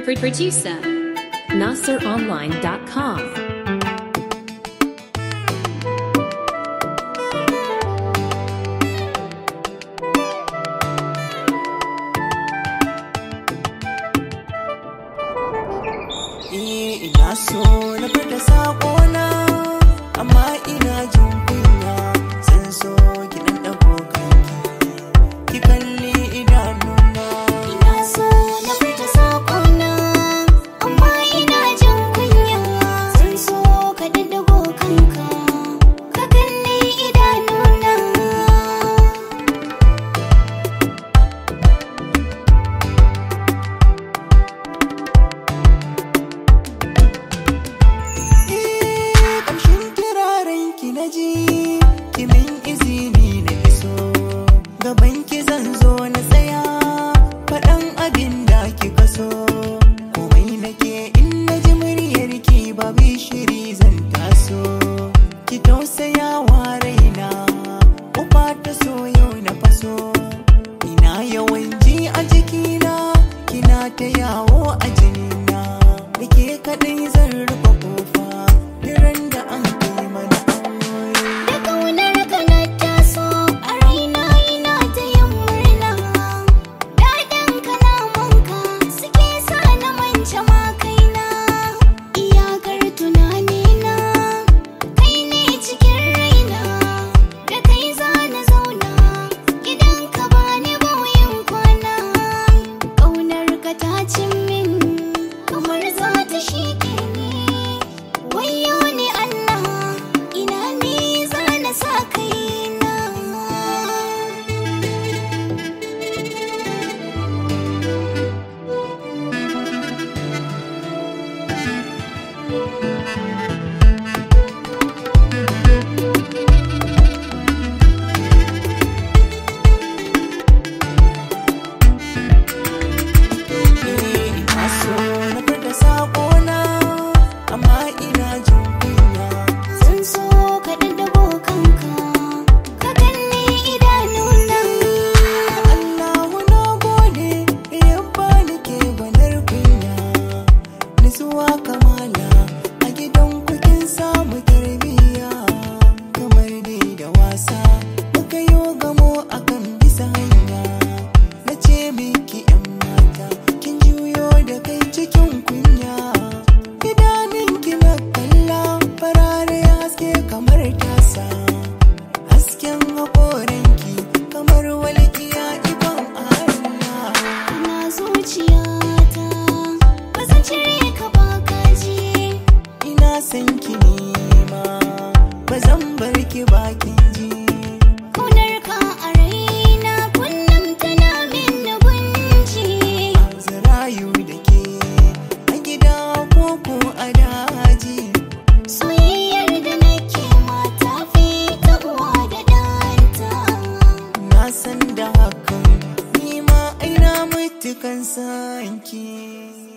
producer, NasserOnline.com. Ina so na amma ina jin na ki kimin izini na iso gaban ki zan zo na tsaya faɗan abin da kika so komai nake in na ji muryar ki babu shiri zan taso ki tausaya cikin kunya idanun ki na kalla farare haske kamar tasa hasken haƙorin ki kamar walƙiya ibon Allah na zuciya ta ba zan cire ka ba kaji ina son ki nema. ba zan bar ki baki matukan sanki.